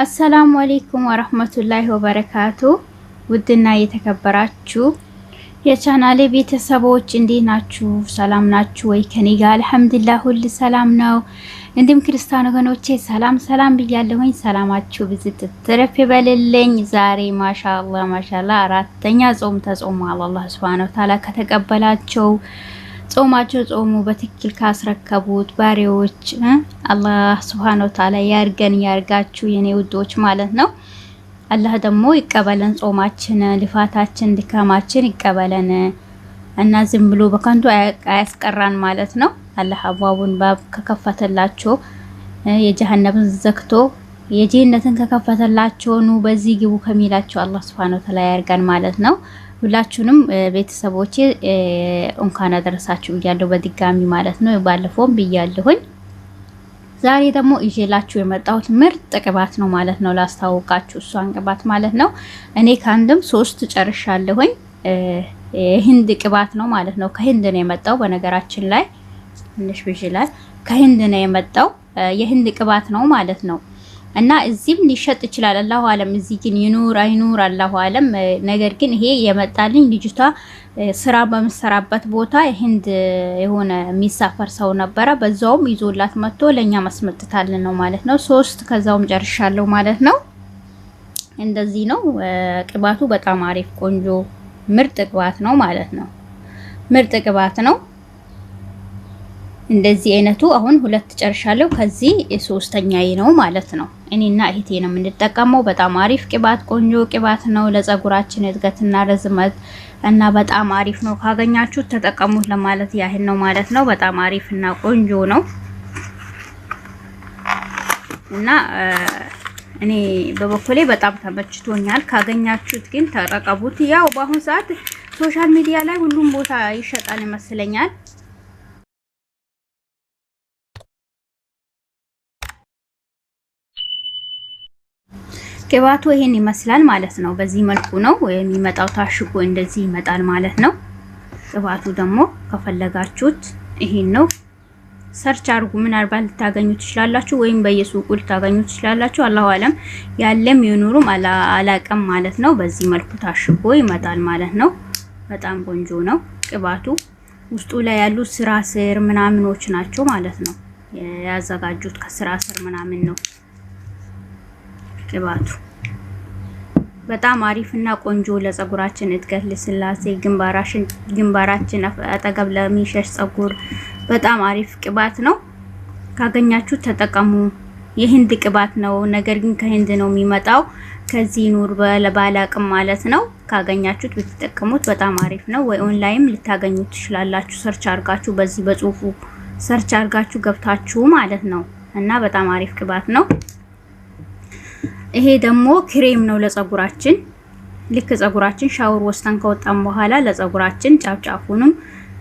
አሰላሙ አሌይኩም ወረህመቱላሂ ወበረካቱ። ውድና የተከበራችሁ የቻናሌ ቤተሰቦች እንዴት ናችሁ? ሰላም ናችሁ ወይ? ከኔ ጋር አልሐምዱሊላህ ሁል ሰላም ነው። እንዲሁም ክርስቲያን ወገኖቼ ሰላም ሰላም ብያለሁኝ። ሰላማችሁ ብዙ ትትረፍ ይበልልኝ። ዛሬ ማሻአላህ ማሻአላህ አራተኛ ጾም ተጾሟል። አላህ ሱብሃነሁ ወተዓላ ከተቀበላቸው ጾማቸው ጾሙ በትክክል ካስረከቡት ባሪዎች አላህ ስብሐነ ወተዓላ ያርገን ያርጋችሁ የኔ ውዶች ማለት ነው። አላህ ደግሞ ይቀበለን ጾማችን፣ ልፋታችን፣ ድካማችን ይቀበለን እና ዝም ብሎ በከንቱ አያስቀራን ማለት ነው። አላህ አባቡን ባብ ከከፈተላቸው የጀሃነብን ዘግቶ የጀነትን ከከፈተላቸው ኑ በዚህ ግቡ ከሚላቸው አላህ ስብሐነ ወተዓላ ያርገን ማለት ነው። ሁላችሁንም ቤተሰቦቼ እንኳን አደረሳችሁ እያለሁ በድጋሚ ማለት ነው። ባለፈውም ብያለሁኝ። ዛሬ ደግሞ ይዤላችሁ የመጣሁት ምርጥ ቅባት ነው ማለት ነው። ላስታወቃችሁ እሷን ቅባት ማለት ነው። እኔ ከአንድም ሶስት ጨርሻለሁኝ። የህንድ ቅባት ነው ማለት ነው። ከህንድ ነው የመጣው በነገራችን ላይ ትንሽ ብዥላል። ከህንድ ነው የመጣው የህንድ ቅባት ነው ማለት ነው። እና እዚህም ሊሸጥ ይችላል። አላሁ አለም። እዚህ ግን ይኑር አይኑር አላሁ አለም። ነገር ግን ይሄ የመጣልኝ ልጅቷ ስራ በምሰራበት ቦታ ህንድ የሆነ የሚሳፈር ሰው ነበረ። በዛውም ይዞላት መጥቶ ለእኛ ማስመጥታልን ነው ማለት ነው። ሶስት ከዛውም ጨርሻለሁ ማለት ነው። እንደዚህ ነው ቅባቱ። በጣም አሪፍ ቆንጆ ምርጥ ቅባት ነው ማለት ነው። ምርጥ ቅባት ነው። እንደዚህ አይነቱ አሁን ሁለት ጨርሻለሁ። ከዚህ ሶስተኛዬ ነው ማለት ነው። እኔና እህቴ ነው የምንጠቀመው። በጣም አሪፍ ቅባት፣ ቆንጆ ቅባት ነው ለጸጉራችን እድገትና ረዝመት እና በጣም አሪፍ ነው። ካገኛችሁት ተጠቀሙት ለማለት ያህል ነው ማለት ነው። በጣም አሪፍ እና ቆንጆ ነው እና እኔ በበኩሌ በጣም ተመችቶኛል። ካገኛችሁት ግን ተጠቀሙት። ያው በአሁኑ ሰዓት ሶሻል ሚዲያ ላይ ሁሉም ቦታ ይሸጣል ይመስለኛል። ቅባቱ ይሄን ይመስላል ማለት ነው። በዚህ መልኩ ነው የሚመጣው። ታሽጎ እንደዚህ ይመጣል ማለት ነው። ቅባቱ ደግሞ ከፈለጋችሁት ይሄን ነው። ሰርች ምን ምናልባት ልታገኙ ትችላላችሁ፣ ወይም በየሱቁ ልታገኙ ትችላላችሁ። አላሁ አለም ያለም የኑሩም አላቀም ማለት ነው። በዚህ መልኩ ታሽጎ ይመጣል ማለት ነው። በጣም ቆንጆ ነው ቅባቱ። ውስጡ ላይ ያሉ ስራ ስር ምናምኖች ናቸው ማለት ነው። ያዘጋጁት ከስራ ስር ምናምን ነው። ቅባቱ በጣም አሪፍ እና ቆንጆ ለፀጉራችን እድገት፣ ልስላሴ፣ ግንባራችን አጠገብ ለሚሸሽ ፀጉር በጣም አሪፍ ቅባት ነው። ካገኛችሁ ተጠቀሙ። የህንድ ቅባት ነው፣ ነገር ግን ከህንድ ነው የሚመጣው። ከዚህ ኑር ባለ አቅም ማለት ነው። ካገኛችሁት ብትጠቀሙት በጣም አሪፍ ነው። ወይ ኦንላይንም ልታገኙ ትችላላችሁ። ሰርች አርጋችሁ በዚህ በጽሁፉ ሰርች አርጋችሁ ገብታችሁ ማለት ነው እና በጣም አሪፍ ቅባት ነው። ይሄ ደግሞ ክሬም ነው ለጸጉራችን። ልክ ጸጉራችን ሻወር ወስተን ከወጣን በኋላ ለጸጉራችን ጫፍጫፉንም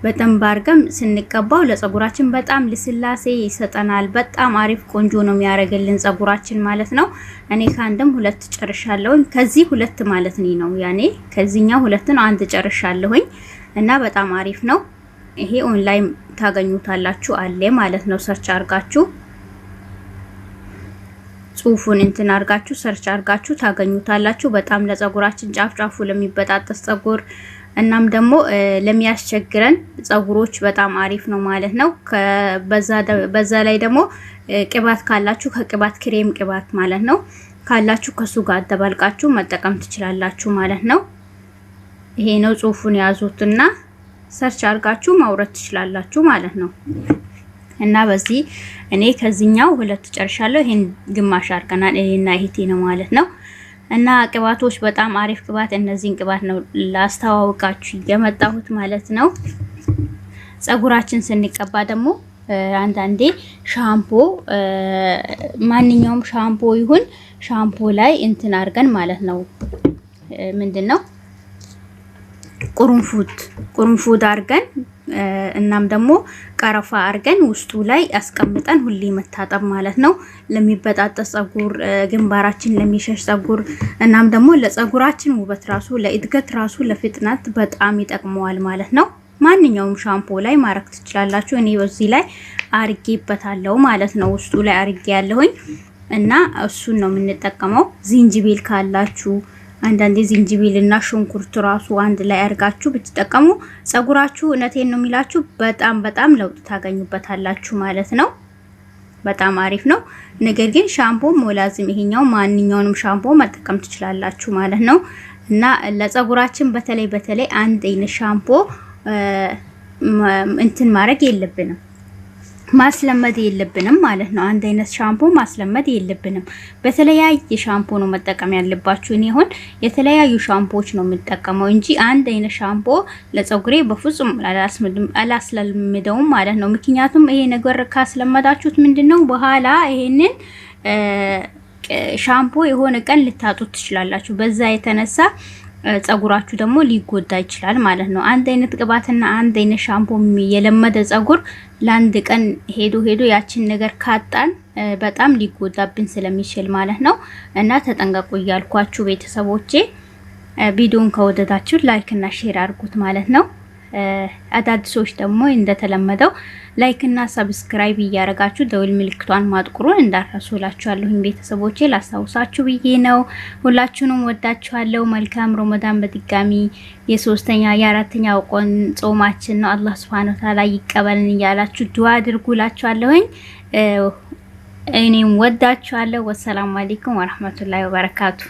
በደንብ አድርገን ስንቀባው ለጸጉራችን በጣም ልስላሴ ይሰጠናል። በጣም አሪፍ ቆንጆ ነው የሚያደርግልን ጸጉራችን ማለት ነው። እኔ ከአንድም ሁለት ጨርሻለሁኝ። ከዚህ ሁለት ማለት ነው ነው ያኔ ከዚህኛው ሁለት አንድ ጨርሻለሁኝ እና በጣም አሪፍ ነው። ይሄ ኦንላይን ታገኙታላችሁ አለ ማለት ነው ሰርች አድርጋችሁ ጽሁፉን እንትን አርጋችሁ ሰርች አርጋችሁ ታገኙታላችሁ። በጣም ለጸጉራችን ጫፍ ጫፉ ለሚበጣጠስ ጸጉር እናም ደግሞ ለሚያስቸግረን ጸጉሮች በጣም አሪፍ ነው ማለት ነው። በዛ ላይ ደግሞ ቅባት ካላችሁ ከቅባት ክሬም ቅባት ማለት ነው ካላችሁ ከሱ ጋር አደባልቃችሁ መጠቀም ትችላላችሁ ማለት ነው። ይሄ ነው ጽሁፉን የያዙትና ሰርች አርጋችሁ ማውረድ ትችላላችሁ ማለት ነው። እና በዚህ እኔ ከዚህኛው ሁለት ጨርሻለሁ። ይሄን ግማሽ አድርገናል እኔና እህቴ ነው ማለት ነው። እና ቅባቶች በጣም አሪፍ ቅባት፣ እነዚህን ቅባት ነው ላስተዋውቃችሁ የመጣሁት ማለት ነው። ጸጉራችን ስንቀባ ደግሞ አንዳንዴ ሻምፖ፣ ማንኛውም ሻምፖ ይሁን ሻምፖ ላይ እንትን አድርገን ማለት ነው ምንድን ነው ቁርንፉት ቁርንፉት አድርገን እናም ደግሞ ቀረፋ አድርገን ውስጡ ላይ አስቀምጠን ሁሌ መታጠብ ማለት ነው። ለሚበጣጠስ ጸጉር፣ ግንባራችን ለሚሸሽ ጸጉር፣ እናም ደግሞ ለጸጉራችን ውበት ራሱ ለእድገት ራሱ ለፍጥነት በጣም ይጠቅመዋል ማለት ነው። ማንኛውም ሻምፖ ላይ ማረግ ትችላላችሁ። እኔ በዚህ ላይ አርጌበታለሁ ማለት ነው። ውስጡ ላይ አርጌ ያለሁኝ እና እሱን ነው የምንጠቀመው። ዝንጅቤል ካላችሁ አንዳንዴ እና ሽንኩርት ራሱ አንድ ላይ አድርጋችሁ ብትጠቀሙ ጸጉራችሁ እውነቴን ነው የሚላችሁ በጣም በጣም ለውጥ ታገኙበታላችሁ ማለት ነው። በጣም አሪፍ ነው። ነገር ግን ሻምፖ ሞላዝም ይሄኛው ማንኛውንም ሻምፖ መጠቀም ትችላላችሁ ማለት ነው እና ለጸጉራችን በተለይ በተለይ አንድ አይነት ሻምፖ እንትን ማድረግ የለብንም። ማስለመድ የለብንም ማለት ነው። አንድ አይነት ሻምፖ ማስለመድ የለብንም። በተለያየ ሻምፖ ነው መጠቀም ያለባችሁ። እኔ አሁን የተለያዩ ሻምፖዎች ነው የምጠቀመው እንጂ አንድ አይነት ሻምፖ ለፀጉሬ በፍጹም አላስለምደውም ማለት ነው። ምክንያቱም ይሄ ነገር ካስለመዳችሁት ምንድነው በኋላ ይሄንን ሻምፖ የሆነ ቀን ልታጡት ትችላላችሁ። በዛ የተነሳ ጸጉራችሁ ደግሞ ሊጎዳ ይችላል ማለት ነው። አንድ አይነት ቅባትና አንድ አይነት ሻምፖ የለመደ ጸጉር ለአንድ ቀን ሄዶ ሄዶ ያችን ነገር ካጣን በጣም ሊጎዳብን ስለሚችል ማለት ነው እና ተጠንቀቁ እያልኳችሁ ቤተሰቦቼ ቪዲዮን ከወደዳችሁ ላይክ እና ሼር አድርጉት ማለት ነው። አዳዲሶች ደግሞ እንደተለመደው ላይክ እና ሰብስክራይብ እያደረጋችሁ ደውል ምልክቷን ማጥቁሩን እንዳትረሱላችኋለሁ። ቤተሰቦቼ ላስታውሳችሁ ብዬ ነው። ሁላችሁንም ወዳችኋለሁ። መልካም ሮመዳን። በድጋሚ የሶስተኛ የአራተኛው ቀን ጾማችን ነው። አላህ ሱብሃነሁ ወተዓላ ይቀበልን እያላችሁ ዱዓ አድርጉላችኋለሁኝ። እኔም ወዳችኋለሁ። ወሰላሙ አለይኩም ወራህመቱላሂ ወበረካቱ